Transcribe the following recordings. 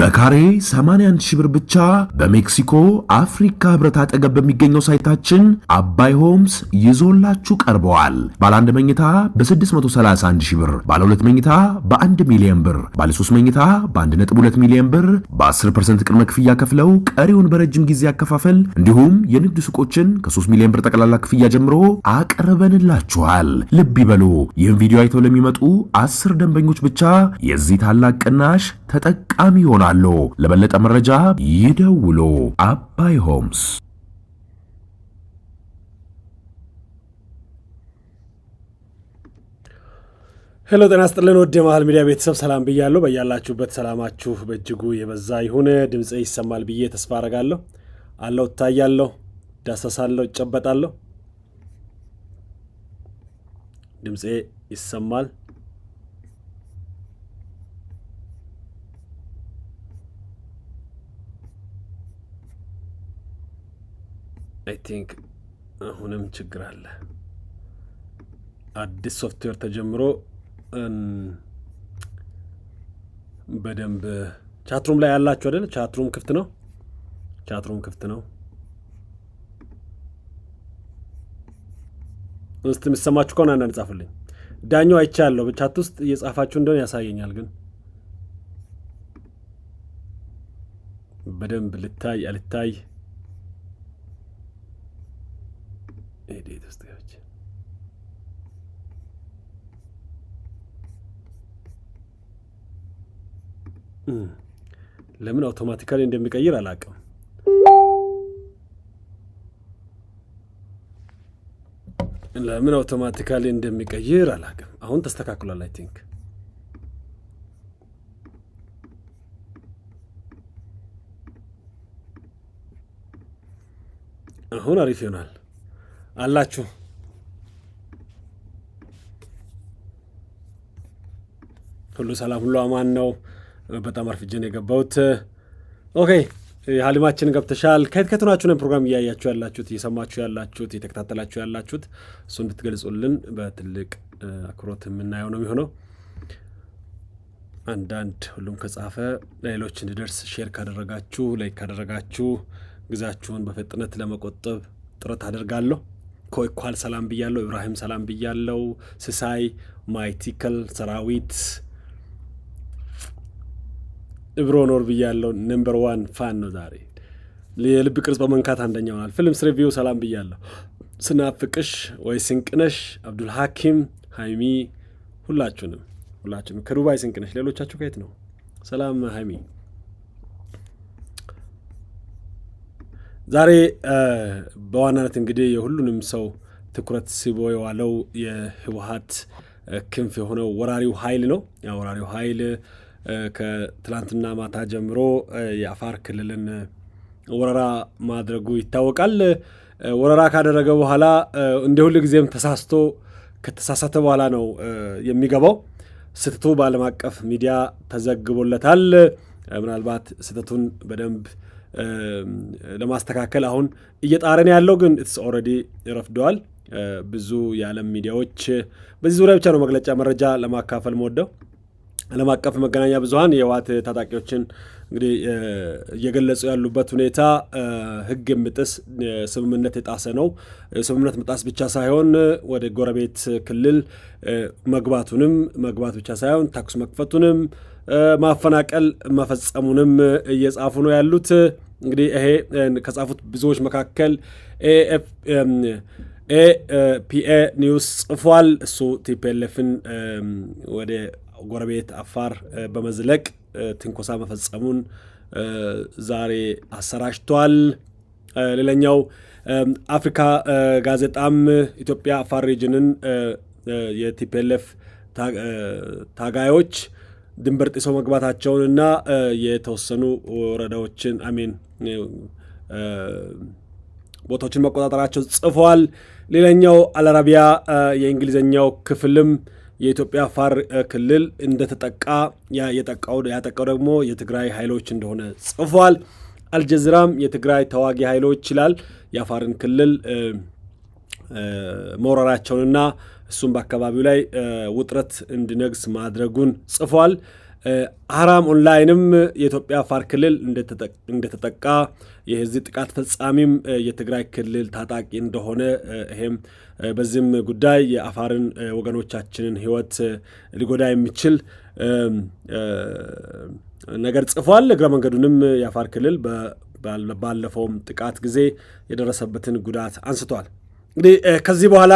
በካሬ 81 ሺህ ብር ብቻ በሜክሲኮ አፍሪካ ህብረት አጠገብ በሚገኘው ሳይታችን አባይ ሆምስ ይዞላችሁ ቀርበዋል። ባለ አንድ መኝታ በ631 ሺህ ብር፣ ባለ ሁለት መኝታ በ1 ሚሊዮን ብር፣ ባለ ሶስት መኝታ በ1.2 ሚሊዮን ብር በ10% ቅድመ ክፍያ ከፍለው ቀሪውን በረጅም ጊዜ አከፋፈል እንዲሁም የንግድ ሱቆችን ከ3 ሚሊዮን ብር ጠቅላላ ክፍያ ጀምሮ አቅርበንላችኋል። ልብ ይበሉ። ይህን ቪዲዮ አይተው ለሚመጡ አስር ደንበኞች ብቻ የዚህ ታላቅ ቅናሽ ተጠቃሚ ይሆናል። ይኖራሉ። ለበለጠ መረጃ ይደውሉ። አባይ ሆምስ ሄሎ ጤና ስጥልን። ወደ መሀል ሚዲያ ቤተሰብ ሰላም ብያለሁ። በያላችሁበት ሰላማችሁ በእጅጉ የበዛ ይሁን። ድምፅ ይሰማል ብዬ ተስፋ አረጋለሁ። አለው እታያለሁ፣ ዳሰሳለሁ፣ ይጨበጣለሁ። ድምፄ ይሰማል አይ ቲንክ አሁንም ችግር አለ። አዲስ ሶፍትዌር ተጀምሮ በደንብ ቻትሩም ላይ ያላችሁ አይደለ? ቻትሩም ክፍት ነው። ቻትሩም ክፍት ነው። እስቲ የሚሰማችሁ ከሆነ አንዳንድ ጻፉልኝ። ዳኛው አይቻለሁ በቻት ውስጥ እየጻፋችሁ እንደሆነ ያሳየኛል፣ ግን በደንብ ልታይ አልታይ እንዴት እስቲዎች ለምን አውቶማቲካሊ እንደሚቀይር አላውቅም። ለምን አውቶማቲካሊ እንደሚቀይር አላውቅም። አሁን ተስተካክሏል። አይ ቲንክ አሁን አሪፍ ይሆናል። አላችሁ። ሁሉ ሰላም ሁሉ አማን ነው። በጣም አርፍጄ ነው የገባሁት። ኦኬ ሀሊማችን ገብተሻል። ከየት ከየት ናችሁ ነው ፕሮግራም እያያችሁ ያላችሁት እየሰማችሁ ያላችሁት እየተከታተላችሁ ያላችሁት? እሱ እንድትገልጹልን በትልቅ አክብሮት የምናየው ነው የሚሆነው። አንዳንድ ሁሉም ከጻፈ ለሌሎች እንዲደርስ ሼር ካደረጋችሁ ላይክ ካደረጋችሁ ጊዜያችሁን በፍጥነት ለመቆጠብ ጥረት አደርጋለሁ። ኮይኳል ሰላም ብያለው፣ ኢብራሂም ሰላም ብያለው፣ ስሳይ ማይቲክል ሰራዊት እብሮኖር ብያለው። ነምበር ዋን ፋን ነው ዛሬ። የልብ ቅርጽ በመንካት አንደኛ ሆናል። ፊልምስ ሪቪው ሰላም ብያለሁ። ስናፍቅሽ ወይ ስንቅነሽ፣ አብዱል ሐኪም ሀይሚ፣ ሁላችሁንም ሁላችሁንም ከዱባይ ስንቅነሽ፣ ሌሎቻችሁ ከየት ነው? ሰላም ሀይሚ ዛሬ በዋናነት እንግዲህ የሁሉንም ሰው ትኩረት ስቦ የዋለው የህወሀት ክንፍ የሆነው ወራሪው ኃይል ነው። ወራሪው ኃይል ከትላንትና ማታ ጀምሮ የአፋር ክልልን ወረራ ማድረጉ ይታወቃል። ወረራ ካደረገ በኋላ እንደ ሁል ጊዜም ተሳስቶ ከተሳሳተ በኋላ ነው የሚገባው። ስህተቱ በዓለም አቀፍ ሚዲያ ተዘግቦለታል። ምናልባት ስህተቱን በደንብ ለማስተካከል አሁን እየጣረን ያለው ግን ኢትስ ኦልሬዲ ረፍደዋል። ብዙ የዓለም ሚዲያዎች በዚህ ዙሪያ ብቻ ነው መግለጫ መረጃ ለማካፈል መወደው ዓለም አቀፍ መገናኛ ብዙሀን የህወሓት ታጣቂዎችን እንግዲህ እየገለጹ ያሉበት ሁኔታ ህግ የምጥስ ስምምነት የጣሰ ነው። ስምምነት መጣስ ብቻ ሳይሆን ወደ ጎረቤት ክልል መግባቱንም መግባት ብቻ ሳይሆን ተኩስ መክፈቱንም ማፈናቀል መፈጸሙንም እየጻፉ ነው ያሉት። እንግዲህ ይሄ ከጻፉት ብዙዎች መካከል ኤፒኤ ኒውስ ጽፏል። እሱ ቲፒኤልኤፍን ወደ ጎረቤት አፋር በመዝለቅ ትንኮሳ መፈጸሙን ዛሬ አሰራጭቷል። ሌላኛው አፍሪካ ጋዜጣም ኢትዮጵያ አፋር ሪጅንን የቲፒኤልኤፍ ታጋዮች ድንበር ጥሰው መግባታቸውንና የተወሰኑ ወረዳዎችን አሜን ቦታዎችን መቆጣጠራቸው ጽፏል። ሌላኛው አልአረቢያ የእንግሊዝኛው ክፍልም የኢትዮጵያ አፋር ክልል እንደተጠቃ ያጠቃው ደግሞ የትግራይ ኃይሎች እንደሆነ ጽፏል። አልጀዚራም የትግራይ ተዋጊ ኃይሎች ይችላል የአፋርን ክልል መውረራቸውንና እሱም በአካባቢው ላይ ውጥረት እንዲነግስ ማድረጉን ጽፏል። አራም ኦንላይንም የኢትዮጵያ አፋር ክልል እንደተጠቃ የዚህ ጥቃት ፈጻሚም የትግራይ ክልል ታጣቂ እንደሆነ ይሄም በዚህም ጉዳይ የአፋርን ወገኖቻችንን ሕይወት ሊጎዳ የሚችል ነገር ጽፏል። እግረ መንገዱንም የአፋር ክልል ባለፈውም ጥቃት ጊዜ የደረሰበትን ጉዳት አንስቷል። እንግዲህ ከዚህ በኋላ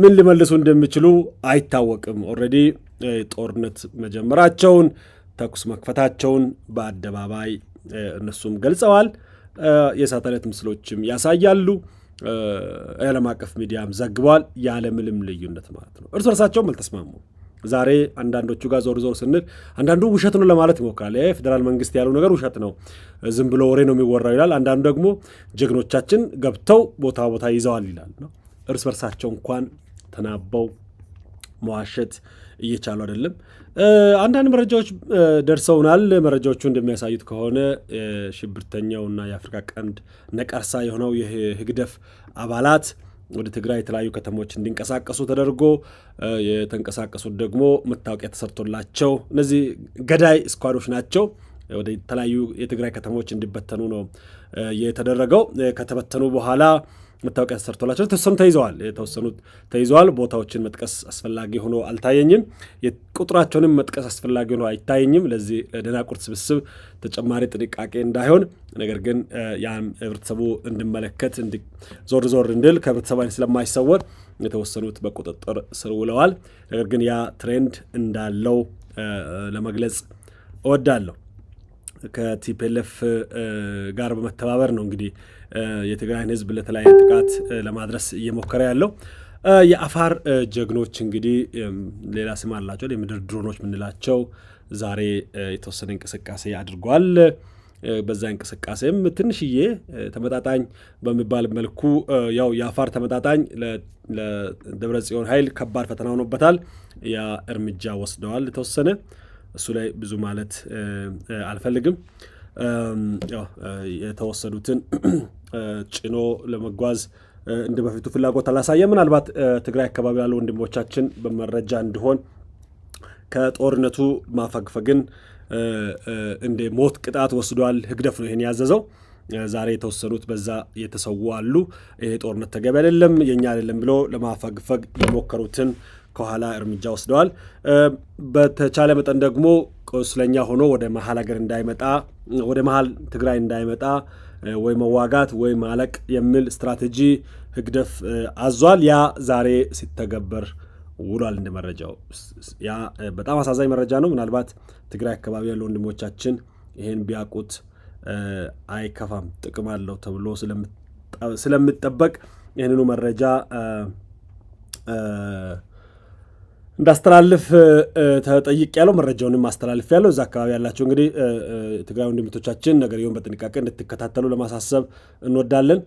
ምን ሊመልሱ እንደሚችሉ አይታወቅም። ኦልሬዲ ጦርነት መጀመራቸውን ተኩስ መክፈታቸውን በአደባባይ እነሱም ገልጸዋል። የሳተላይት ምስሎችም ያሳያሉ። የዓለም አቀፍ ሚዲያም ዘግቧል። ያለምንም ልዩነት ማለት ነው። እርስ በርሳቸውም አልተስማሙ። ዛሬ አንዳንዶቹ ጋር ዞር ዞር ስንል አንዳንዱ ውሸት ነው ለማለት ይሞክራል። የፌዴራል መንግስት ያለው ነገር ውሸት ነው፣ ዝም ብሎ ወሬ ነው የሚወራው ይላል። አንዳንዱ ደግሞ ጀግኖቻችን ገብተው ቦታ ቦታ ይዘዋል ይላል ነው እርስ በርሳቸው እንኳን ተናበው መዋሸት እየቻሉ አይደለም። አንዳንድ መረጃዎች ደርሰውናል። መረጃዎቹ እንደሚያሳዩት ከሆነ ሽብርተኛውና የአፍሪካ ቀንድ ነቀርሳ የሆነው የህግደፍ አባላት ወደ ትግራይ የተለያዩ ከተሞች እንዲንቀሳቀሱ ተደርጎ የተንቀሳቀሱት ደግሞ መታወቂያ ተሰርቶላቸው እነዚህ ገዳይ ስኳዶች ናቸው ወደ ተለያዩ የትግራይ ከተሞች እንዲበተኑ ነው የተደረገው። ከተበተኑ በኋላ መታወቂያ ተሰርቶላቸው የተወሰኑ ተይዘዋል። የተወሰኑት ተይዘዋል። ቦታዎችን መጥቀስ አስፈላጊ ሆኖ አልታየኝም። ቁጥራቸውንም መጥቀስ አስፈላጊ ሆኖ አይታየኝም። ለዚህ ለደናቁርት ስብስብ ተጨማሪ ጥንቃቄ እንዳይሆን ነገር ግን ያም ህብረተሰቡ እንድመለከት ዞር ዞር እንድል ከህብረተሰቡ አይነት ስለማይሰወር የተወሰኑት በቁጥጥር ስር ውለዋል። ነገር ግን ያ ትሬንድ እንዳለው ለመግለጽ እወዳለሁ። ከቲፒኤልኤፍ ጋር በመተባበር ነው እንግዲህ የትግራይን ህዝብ ለተለያየ ጥቃት ለማድረስ እየሞከረ ያለው የአፋር ጀግኖች እንግዲህ ሌላ ስም አላቸው። የምድር ድሮኖች ምንላቸው። ዛሬ የተወሰነ እንቅስቃሴ አድርጓል። በዛ እንቅስቃሴም ትንሽዬ ተመጣጣኝ በሚባል መልኩ ያው የአፋር ተመጣጣኝ ለደብረ ጽዮን ኃይል ከባድ ፈተና ሆኖበታል። ያ እርምጃ ወስደዋል የተወሰነ እሱ ላይ ብዙ ማለት አልፈልግም የተወሰዱትን ጭኖ ለመጓዝ እንደ በፊቱ ፍላጎት አላሳየ። ምናልባት ትግራይ አካባቢ ያሉ ወንድሞቻችን በመረጃ እንዲሆን ከጦርነቱ ማፈግፈግን እንደ ሞት ቅጣት ወስዷል። ህግደፍ ነው ይህን ያዘዘው። ዛሬ የተወሰኑት በዛ የተሰዉ አሉ። ይሄ ጦርነት ተገቢ አይደለም የኛ አይደለም ብሎ ለማፈግፈግ የሞከሩትን ከኋላ እርምጃ ወስደዋል። በተቻለ መጠን ደግሞ ቁስለኛ ሆኖ ወደ መሀል ሀገር እንዳይመጣ ወደ መሀል ትግራይ እንዳይመጣ ወይ መዋጋት ወይ ማለቅ የሚል ስትራቴጂ ህግደፍ አዟል። ያ ዛሬ ሲተገበር ውሏል። እንደ መረጃው ያ በጣም አሳዛኝ መረጃ ነው። ምናልባት ትግራይ አካባቢ ያለው ወንድሞቻችን ይሄን ቢያውቁት አይከፋም፣ ጥቅም አለው ተብሎ ስለሚጠበቅ ይህንኑ መረጃ እንዳስተላልፍ ተጠይቅ ያለው መረጃውንም ማስተላልፍ ያለው እዛ አካባቢ ያላቸው እንግዲህ ትግራይ ወንድምቶቻችን ነገርየውን በጥንቃቄ እንድትከታተሉ ለማሳሰብ እንወዳለን።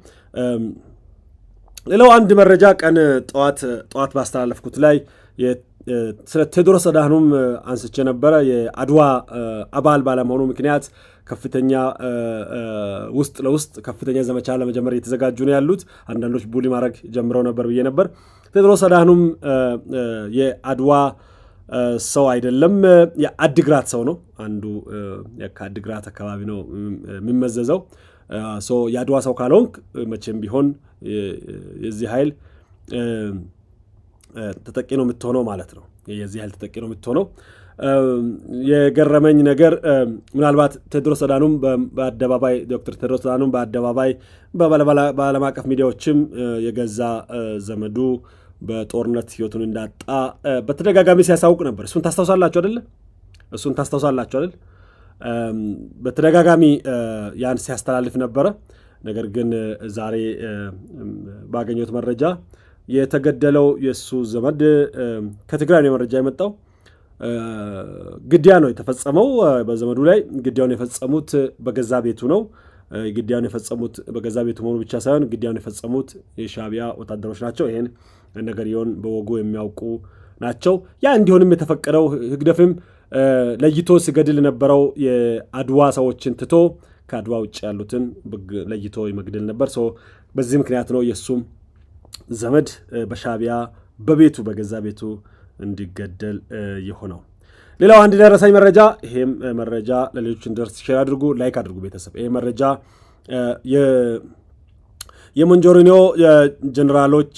ሌላው አንድ መረጃ ቀን ጠዋት ጠዋት ባስተላለፍኩት ላይ ስለ ቴዎድሮስ አድሃኖም አንስቼ ነበረ። የአድዋ አባል ባለመሆኑ ምክንያት ከፍተኛ ውስጥ ለውስጥ ከፍተኛ ዘመቻ ለመጀመር እየተዘጋጁ ነው ያሉት። አንዳንዶች ቡሊ ማድረግ ጀምረው ነበር ብዬ ነበር። ቴዎድሮስ አድሃኖም የአድዋ ሰው አይደለም፣ የአድግራት ሰው ነው። አንዱ ከአድግራት አካባቢ ነው የሚመዘዘው። የአድዋ ሰው ካልሆንክ መቼም ቢሆን የዚህ ኃይል ተጠቂ ነው የምትሆነው ማለት ነው። የዚህ ያህል ተጠቂ ነው የምትሆነው። የገረመኝ ነገር ምናልባት ቴድሮስ አዳኑም በአደባባይ ዶክተር ቴድሮስ አዳኑም በአደባባይ በዓለም አቀፍ ሚዲያዎችም የገዛ ዘመዱ በጦርነት ህይወቱን እንዳጣ በተደጋጋሚ ሲያሳውቅ ነበር። እሱን ታስታውሳላችሁ አይደለ? እሱን ታስታውሳላችሁ አይደል? በተደጋጋሚ ያን ሲያስተላልፍ ነበረ። ነገር ግን ዛሬ ባገኘሁት መረጃ የተገደለው የእሱ ዘመድ ከትግራይ ነው መረጃ የመጣው። ግድያ ነው የተፈጸመው በዘመዱ ላይ። ግድያውን የፈጸሙት በገዛ ቤቱ ነው። ግድያን የፈጸሙት በገዛ ቤቱ መሆኑ ብቻ ሳይሆን ግድያን የፈጸሙት የሻቢያ ወታደሮች ናቸው። ይህን ነገርየውን በወጉ የሚያውቁ ናቸው። ያ እንዲሆንም የተፈቀደው ህግደፍም ለይቶ ሲገድል የነበረው የአድዋ ሰዎችን ትቶ ከአድዋ ውጭ ያሉትን ለይቶ ይመግደል ነበር። በዚህ ምክንያት ነው የእሱም ዘመድ በሻቢያ በቤቱ በገዛ ቤቱ እንዲገደል የሆነው። ሌላው አንድ ደረሰኝ መረጃ፣ ይሄም መረጃ ለሌሎች እንደርስ ሼር አድርጉ፣ ላይክ አድርጉ ቤተሰብ። ይሄ መረጃ የሞንጆሪኒዮ ጀኔራሎች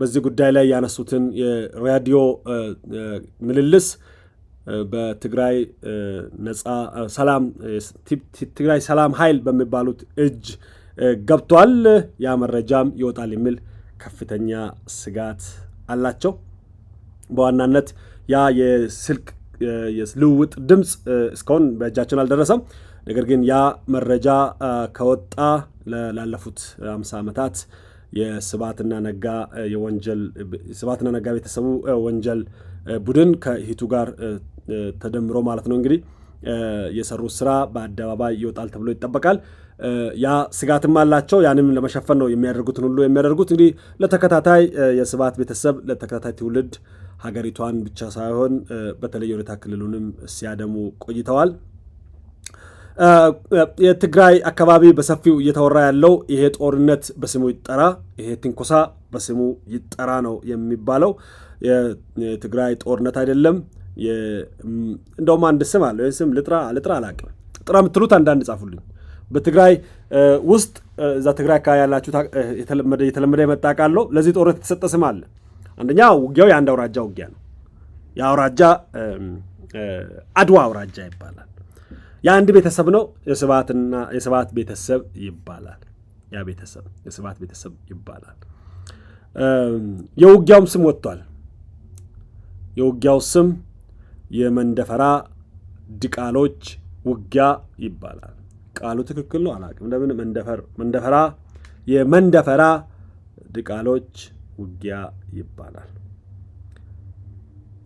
በዚህ ጉዳይ ላይ ያነሱትን የራዲዮ ምልልስ በትግራይ ነጻ ሰላም ትግራይ ሰላም ኃይል በሚባሉት እጅ ገብቷል። ያ መረጃም ይወጣል የሚል ከፍተኛ ስጋት አላቸው። በዋናነት ያ የስልክ ልውውጥ ድምፅ እስካሁን በእጃችን አልደረሰም። ነገር ግን ያ መረጃ ከወጣ ላለፉት አምሳ ዓመታት የስብሐትና ነጋ የወንጀል ስብሐትና ነጋ ቤተሰቡ ወንጀል ቡድን ከሂቱ ጋር ተደምሮ ማለት ነው እንግዲህ የሰሩት ስራ በአደባባይ ይወጣል ተብሎ ይጠበቃል። ያ ስጋትም አላቸው። ያንም ለመሸፈን ነው የሚያደርጉትን ሁሉ የሚያደርጉት። እንግዲህ ለተከታታይ የስብሃት ቤተሰብ ለተከታታይ ትውልድ ሀገሪቷን ብቻ ሳይሆን በተለየ ሁኔታ ክልሉንም ሲያደሙ ቆይተዋል። የትግራይ አካባቢ በሰፊው እየተወራ ያለው ይሄ ጦርነት በስሙ ይጠራ፣ ይሄ ትንኮሳ በስሙ ይጠራ ነው የሚባለው። የትግራይ ጦርነት አይደለም እንደውም አንድ ስም አለ ስም ልጥራ ልጥራ አላቅም ጥራ የምትሉት አንዳንድ ጻፉልኝ በትግራይ ውስጥ እዛ ትግራይ አካባቢ ያላችሁ የተለመደ የመጣ ቃለው ለዚህ ጦርነት የተሰጠ ስም አለ አንደኛ ውጊያው የአንድ አውራጃ ውጊያ ነው የአውራጃ አድዋ አውራጃ ይባላል የአንድ ቤተሰብ ነው የስባትና የስባት ቤተሰብ ይባላል ያ ቤተሰብ የስባት ቤተሰብ ይባላል የውጊያውም ስም ወጥቷል የውጊያው ስም የመንደፈራ ድቃሎች ውጊያ ይባላል። ቃሉ ትክክል ነው አላውቅም። ለምን መንደፈራ የመንደፈራ ድቃሎች ውጊያ ይባላል።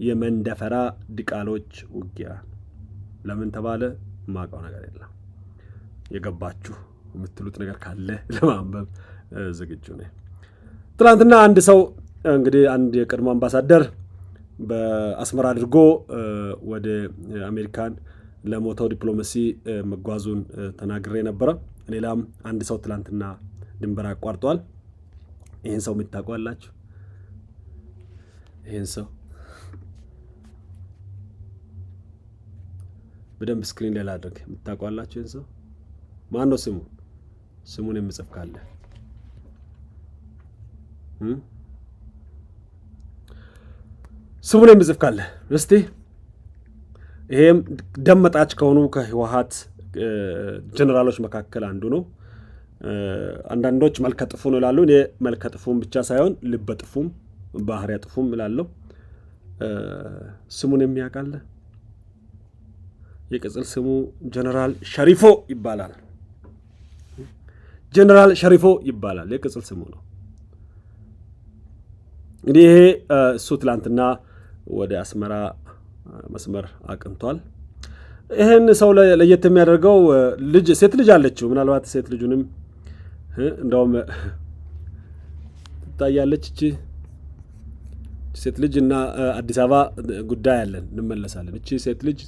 የመንደፈራ ድቃሎች ውጊያ ለምን ተባለ? የማውቀው ነገር የለም። የገባችሁ የምትሉት ነገር ካለ ለማንበብ ዝግጁ ነኝ። ትናንትና አንድ ሰው እንግዲህ አንድ የቀድሞ አምባሳደር በአስመራ አድርጎ ወደ አሜሪካን ለሞተው ዲፕሎማሲ መጓዙን ተናግሬ ነበረ። ሌላም አንድ ሰው ትላንትና ድንበር አቋርጧል። ይህን ሰው የምታውቋላችሁ? ይህን ሰው በደንብ ስክሪን ላይ ላድርግ። የምታውቋላችሁ? ይህን ሰው ማን ነው ስሙ? ስሙን የምጽፍ ካለ ስሙ ላይ ምጽፍ ካለ እስቲ ይሄም ደመጣች ከሆኑ ከህወሀት ጀኔራሎች መካከል አንዱ ነው። አንዳንዶች መልከ ጥፉ ነው ይላሉ። እኔ መልከ ጥፉም ብቻ ሳይሆን ልበ ጥፉም ባህሪያ ጥፉም እላለሁ። ስሙን የሚያውቃለ የቅጽል ስሙ ጀነራል ሸሪፎ ይባላል። ጀነራል ሸሪፎ ይባላል፣ የቅጽል ስሙ ነው። እንግዲህ ይሄ እሱ ትላንትና ወደ አስመራ መስመር አቅንቷል። ይህን ሰው ለየት የሚያደርገው ልጅ ሴት ልጅ አለችው። ምናልባት ሴት ልጁንም እንደውም ትታያለች እቺ ሴት ልጅ እና አዲስ አበባ ጉዳይ አለን እንመለሳለን። እቺ ሴት ልጅ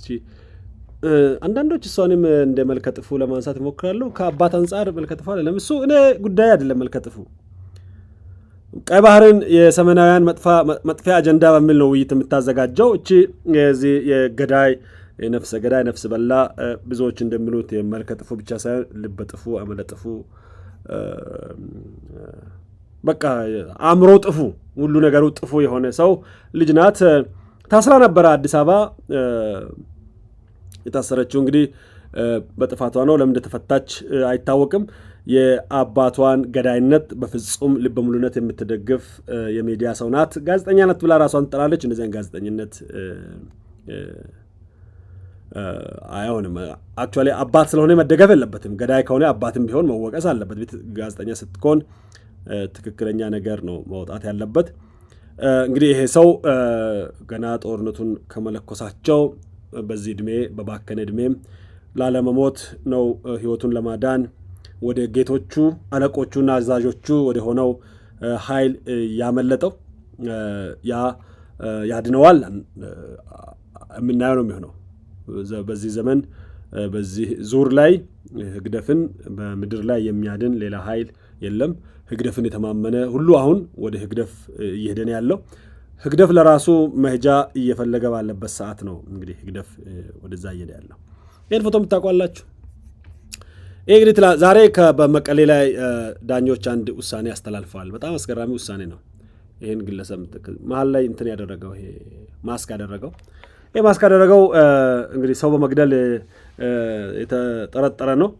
አንዳንዶች እሷንም እንደ መልከጥፉ ለማንሳት ይሞክራሉ። ከአባት አንጻር መልከጥፉ አይደለም እሱ እኔ ጉዳይ አይደለም መልከጥፉ ቀይ ባህርን የሰሜናውያን መጥፊያ አጀንዳ በሚል ነው ውይይት የምታዘጋጀው እቺ የዚህ የገዳይ የነፍሰ ገዳይ ነፍስ በላ ብዙዎች እንደሚሉት የመልከ ጥፉ ብቻ ሳይሆን ልበጥፉ አመለጥፉ በቃ አእምሮ ጥፉ ሁሉ ነገሩ ጥፉ የሆነ ሰው ልጅ ናት። ታስራ ነበረ አዲስ አበባ። የታሰረችው እንግዲህ በጥፋቷ ነው። ለምን እንደተፈታች አይታወቅም። የአባቷን ገዳይነት በፍጹም ልበ ሙሉነት የምትደግፍ የሚዲያ ሰው ናት። ጋዜጠኛ ናት ብላ ራሷን ትጠላለች። እነዚያን ጋዜጠኝነት አይሆንም። አክቹዋሊ አባት ስለሆነ መደገፍ የለበትም። ገዳይ ከሆነ አባትም ቢሆን መወቀስ አለበት። ቤት ጋዜጠኛ ስትኮን ትክክለኛ ነገር ነው መውጣት ያለበት። እንግዲህ ይሄ ሰው ገና ጦርነቱን ከመለኮሳቸው በዚህ እድሜ በባከነ እድሜም ላለመሞት ነው ህይወቱን ለማዳን ወደ ጌቶቹ አለቆቹና አዛዦቹ ወደ ሆነው ኃይል ያመለጠው ያ ያድነዋል የምናየው ነው የሚሆነው። በዚህ ዘመን በዚህ ዙር ላይ ህግደፍን በምድር ላይ የሚያድን ሌላ ኃይል የለም። ህግደፍን የተማመነ ሁሉ አሁን ወደ ህግደፍ እየሄደን ያለው ህግደፍ ለራሱ መሄጃ እየፈለገ ባለበት ሰዓት ነው። እንግዲህ ህግደፍ ወደዛ እየሄደ ያለው ይህን ፎቶ የምታውቋላችሁ። ይህ እንግዲህ ዛሬ በመቀሌ ላይ ዳኞች አንድ ውሳኔ አስተላልፈዋል። በጣም አስገራሚ ውሳኔ ነው። ይህን ግለሰብ መሀል ላይ እንትን ያደረገው ይሄ ማስክ ያደረገው ይህ ማስክ ያደረገው እንግዲህ ሰው በመግደል የተጠረጠረ ነው።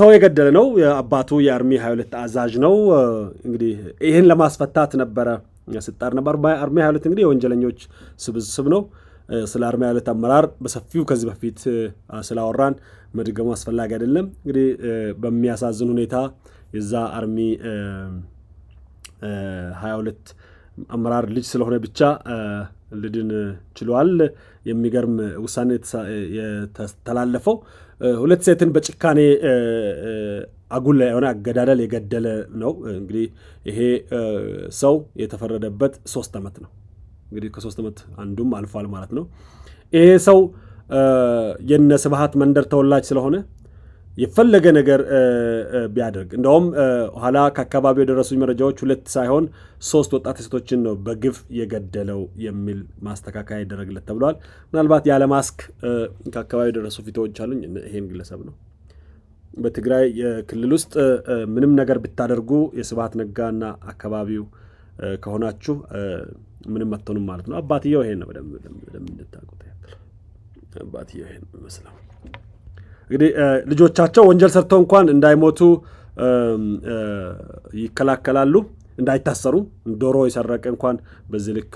ሰው የገደለ ነው። የአባቱ የአርሚ 22 አዛዥ ነው። እንግዲህ ይህን ለማስፈታት ነበረ ስጣር ነበር። አርሚ 22 እንግዲህ የወንጀለኞች ስብስብ ነው። ስለ አርማ ያለት አመራር በሰፊው ከዚህ በፊት ስላወራን መድገሙ አስፈላጊ አይደለም። እንግዲህ በሚያሳዝን ሁኔታ የዛ አርሚ ሀያ ሁለት አመራር ልጅ ስለሆነ ብቻ ልድን ችሏል። የሚገርም ውሳኔ የተላለፈው ሁለት ሴትን በጭካኔ አጉል የሆነ አገዳደል የገደለ ነው። እንግዲህ ይሄ ሰው የተፈረደበት ሶስት ዓመት ነው። እንግዲህ ከሶስት ዓመት አንዱም አልፏል ማለት ነው። ይሄ ሰው የነ ስብሃት መንደር ተወላጅ ስለሆነ የፈለገ ነገር ቢያደርግ እንደውም ኋላ ከአካባቢው የደረሱኝ መረጃዎች ሁለት ሳይሆን ሶስት ወጣት ሴቶችን ነው በግፍ የገደለው የሚል ማስተካከያ ይደረግለት ተብለዋል። ምናልባት ያለ ማስክ ከአካባቢ የደረሱ ፊቶዎች አሉኝ። ይሄን ግለሰብ ነው። በትግራይ ክልል ውስጥ ምንም ነገር ብታደርጉ የስብሃት ነጋና አካባቢው ከሆናችሁ ምንም አትሆኑም ማለት ነው። አባትየው ይሄን ነው በደንብ እንድታውቁት ያክል አባትየው ይሄን ይመስለው እንግዲህ ልጆቻቸው ወንጀል ሰርተው እንኳን እንዳይሞቱ ይከላከላሉ፣ እንዳይታሰሩ። ዶሮ የሰረቀ እንኳን በዚህ ልክ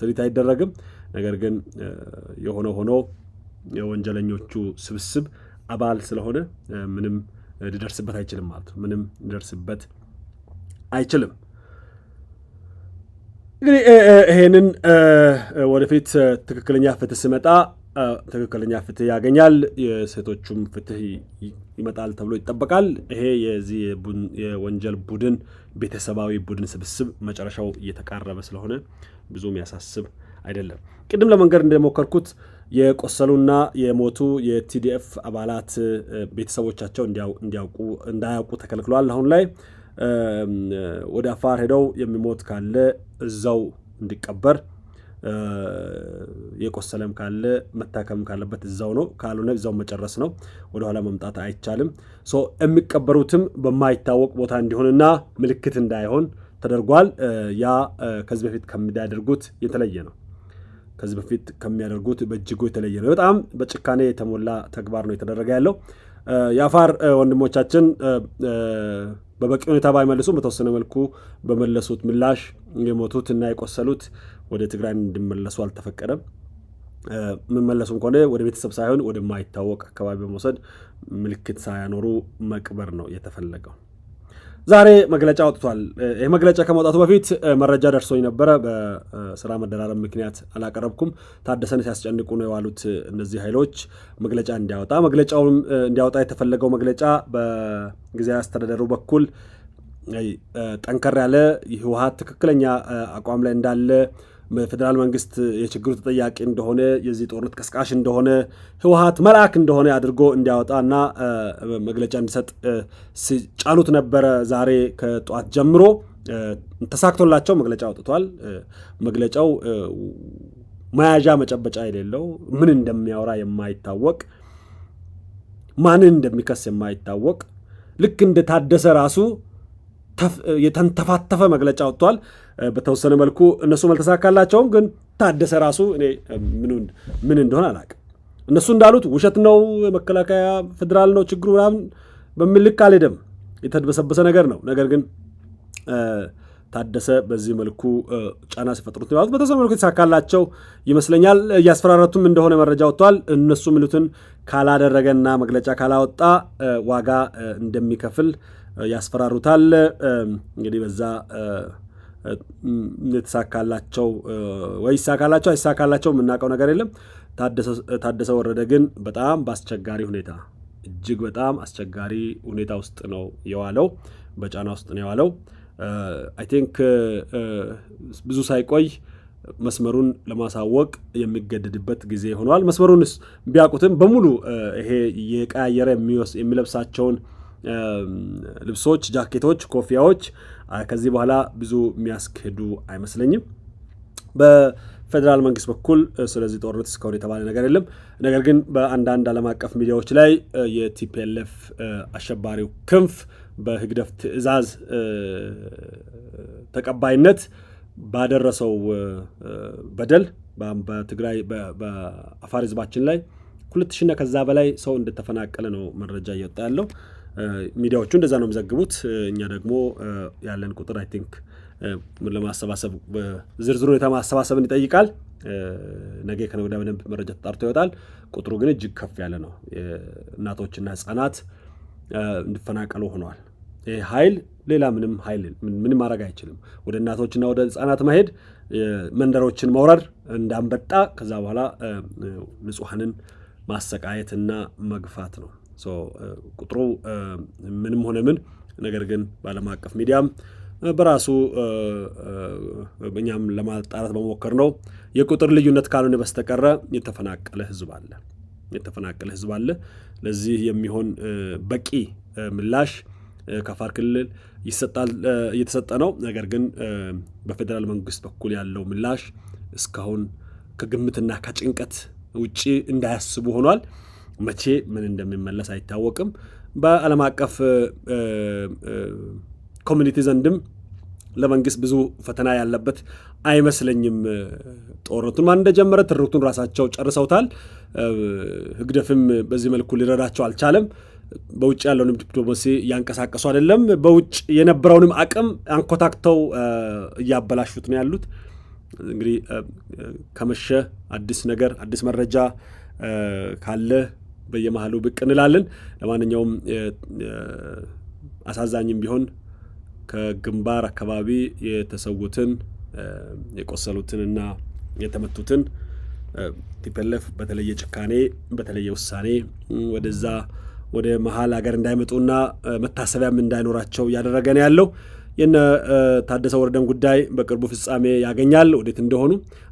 ትሪት አይደረግም። ነገር ግን የሆነ ሆኖ የወንጀለኞቹ ስብስብ አባል ስለሆነ ምንም ሊደርስበት አይችልም ማለት ነው። ምንም ሊደርስበት አይችልም። እንግዲህ ይሄንን ወደፊት ትክክለኛ ፍትህ ሲመጣ ትክክለኛ ፍትህ ያገኛል፣ የሴቶቹም ፍትህ ይመጣል ተብሎ ይጠበቃል። ይሄ የዚህ የወንጀል ቡድን ቤተሰባዊ ቡድን ስብስብ መጨረሻው እየተቃረበ ስለሆነ ብዙ የሚያሳስብ አይደለም። ቅድም ለመንገድ እንደሞከርኩት የቆሰሉና የሞቱ የቲዲኤፍ አባላት ቤተሰቦቻቸው እንዳያውቁ ተከልክሏል አሁን ላይ ወደ አፋር ሄደው የሚሞት ካለ እዛው እንዲቀበር የቆሰለም ካለ መታከም ካለበት እዛው ነው፣ ካልሆነ እዛው መጨረስ ነው። ወደኋላ መምጣት አይቻልም። የሚቀበሩትም በማይታወቅ ቦታ እንዲሆንና ምልክት እንዳይሆን ተደርጓል። ያ ከዚህ በፊት ከሚያደርጉት የተለየ ነው። ከዚህ በፊት ከሚያደርጉት በእጅጉ የተለየ ነው። በጣም በጭካኔ የተሞላ ተግባር ነው የተደረገ ያለው የአፋር ወንድሞቻችን በበቂ ሁኔታ ባይመልሱም በተወሰነ መልኩ በመለሱት ምላሽ የሞቱት እና የቆሰሉት ወደ ትግራይ እንዲመለሱ አልተፈቀደም። የምመለሱም ከሆነ ወደ ቤተሰብ ሳይሆን ወደማይታወቅ አካባቢ በመውሰድ ምልክት ሳያኖሩ መቅበር ነው የተፈለገው። ዛሬ መግለጫ አውጥቷል። ይህ መግለጫ ከመውጣቱ በፊት መረጃ ደርሶኝ ነበረ። በስራ መደራረብ ምክንያት አላቀረብኩም። ታደሰን ሲያስጨንቁ ነው የዋሉት እነዚህ ኃይሎች መግለጫ እንዲያወጣ መግለጫውን እንዲያወጣ የተፈለገው መግለጫ በጊዜያዊ አስተዳደሩ በኩል ጠንከር ያለ ህወሓት ትክክለኛ አቋም ላይ እንዳለ በፌዴራል መንግስት የችግሩ ተጠያቂ እንደሆነ የዚህ ጦርነት ቀስቃሽ እንደሆነ ህወሀት መልአክ እንደሆነ አድርጎ እንዲያወጣ እና መግለጫ እንዲሰጥ ሲጫኑት ነበረ። ዛሬ ከጠዋት ጀምሮ ተሳክቶላቸው መግለጫ አውጥቷል። መግለጫው መያዣ መጨበጫ የሌለው ምን እንደሚያወራ የማይታወቅ ማንን እንደሚከስ የማይታወቅ ልክ እንደ ታደሰ ራሱ የተንተፋተፈ መግለጫ አውጥቷል። በተወሰነ መልኩ እነሱ አልተሳካላቸውም። ግን ታደሰ ራሱ እኔ ምን እንደሆነ አላውቅም። እነሱ እንዳሉት ውሸት ነው መከላከያ ፌዴራል ነው ችግሩ ምናምን በሚል ልክ አልሄደም። የተበሰበሰ ነገር ነው። ነገር ግን ታደሰ በዚህ መልኩ ጫና ሲፈጥሩት ማለት በተወሰነ መልኩ የተሳካላቸው ይመስለኛል። እያስፈራረቱም እንደሆነ መረጃ ወጥቷል። እነሱ የሚሉትን ካላደረገና መግለጫ ካላወጣ ዋጋ እንደሚከፍል ያስፈራሩታል። እንግዲህ በዛ የተሳካላቸው ወይ ይሳካላቸው አይሳካላቸው የምናውቀው ነገር የለም። ታደሰ ወረደ ግን በጣም በአስቸጋሪ ሁኔታ እጅግ በጣም አስቸጋሪ ሁኔታ ውስጥ ነው የዋለው፣ በጫና ውስጥ ነው የዋለው። አይ ቲንክ ብዙ ሳይቆይ መስመሩን ለማሳወቅ የሚገደድበት ጊዜ ሆኗል። መስመሩን ቢያውቁትም በሙሉ ይሄ የቀያየረ የሚለብሳቸውን ልብሶች፣ ጃኬቶች፣ ኮፊያዎች ከዚህ በኋላ ብዙ የሚያስክዱ አይመስለኝም። በፌዴራል መንግስት በኩል ስለዚህ ጦርነት እስካሁን የተባለ ነገር የለም። ነገር ግን በአንዳንድ ዓለም አቀፍ ሚዲያዎች ላይ የቲፒኤልኤፍ አሸባሪው ክንፍ በህግደፍ ትዕዛዝ ተቀባይነት ባደረሰው በደል በትግራይ በአፋር ህዝባችን ላይ ሁለት ሺና ከዛ በላይ ሰው እንደተፈናቀለ ነው መረጃ እየወጣ ያለው። ሚዲያዎቹ እንደዛ ነው የሚዘግቡት። እኛ ደግሞ ያለን ቁጥር አይ ቲንክ ለማሰባሰብ ዝርዝሩ ሁኔታ ማሰባሰብን ይጠይቃል። ነገ ከነገ በደንብ መረጃ ተጣርቶ ይወጣል። ቁጥሩ ግን እጅግ ከፍ ያለ ነው። እናቶችና ህጻናት እንድፈናቀሉ ሆነዋል። ይህ ኃይል ሌላ ምንም ሀይል ምንም ማድረግ አይችልም። ወደ እናቶችና ወደ ህጻናት መሄድ፣ መንደሮችን መውረር እንዳንበጣ ከዛ በኋላ ንጹሐንን ማሰቃየትና መግፋት ነው። ቁጥሩ ምንም ሆነ ምን ነገር ግን በዓለም አቀፍ ሚዲያም በራሱ እኛም ለማጣራት በመሞከር ነው የቁጥር ልዩነት ካልሆነ በስተቀረ የተፈናቀለ ህዝብ አለ የተፈናቀለ ህዝብ አለ። ለዚህ የሚሆን በቂ ምላሽ ከአፋር ክልል ይሰጣል እየተሰጠ ነው። ነገር ግን በፌዴራል መንግስት በኩል ያለው ምላሽ እስካሁን ከግምትና ከጭንቀት ውጪ እንዳያስቡ ሆኗል። መቼ ምን እንደሚመለስ አይታወቅም። በዓለም አቀፍ ኮሚኒቲ ዘንድም ለመንግስት ብዙ ፈተና ያለበት አይመስለኝም። ጦርነቱን ማን እንደጀመረ ትርክቱን ራሳቸው ጨርሰውታል። ህግደፍም በዚህ መልኩ ሊረዳቸው አልቻለም። በውጭ ያለውንም ዲፕሎማሲ እያንቀሳቀሱ አይደለም። በውጭ የነበረውንም አቅም አንኮታክተው እያበላሹት ነው ያሉት። እንግዲህ ከመሸ አዲስ ነገር አዲስ መረጃ ካለ በየመሀሉ ብቅ እንላለን። ለማንኛውም አሳዛኝም ቢሆን ከግንባር አካባቢ የተሰዉትን የቆሰሉትንና የተመቱትን ቲፐለፍ በተለየ ጭካኔ በተለየ ውሳኔ ወደዛ ወደ መሀል ሀገር እንዳይመጡና መታሰቢያም እንዳይኖራቸው እያደረገ ነው ያለው። የነ ታደሰ ወረደን ጉዳይ በቅርቡ ፍጻሜ ያገኛል። ወዴት እንደሆኑ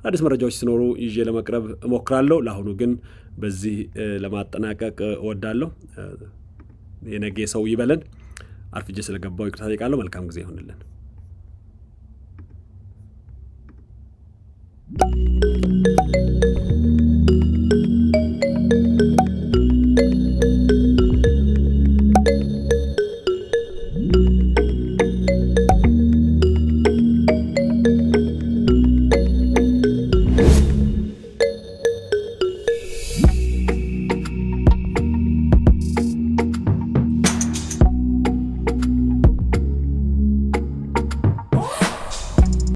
አዲስ መረጃዎች ሲኖሩ ይዤ ለመቅረብ እሞክራለሁ። ለአሁኑ ግን በዚህ ለማጠናቀቅ እወዳለሁ። የነገ ሰው ይበለን። አርፍጄ ስለገባው ይቅርታ ጠይቃለሁ። መልካም ጊዜ ይሆንልን።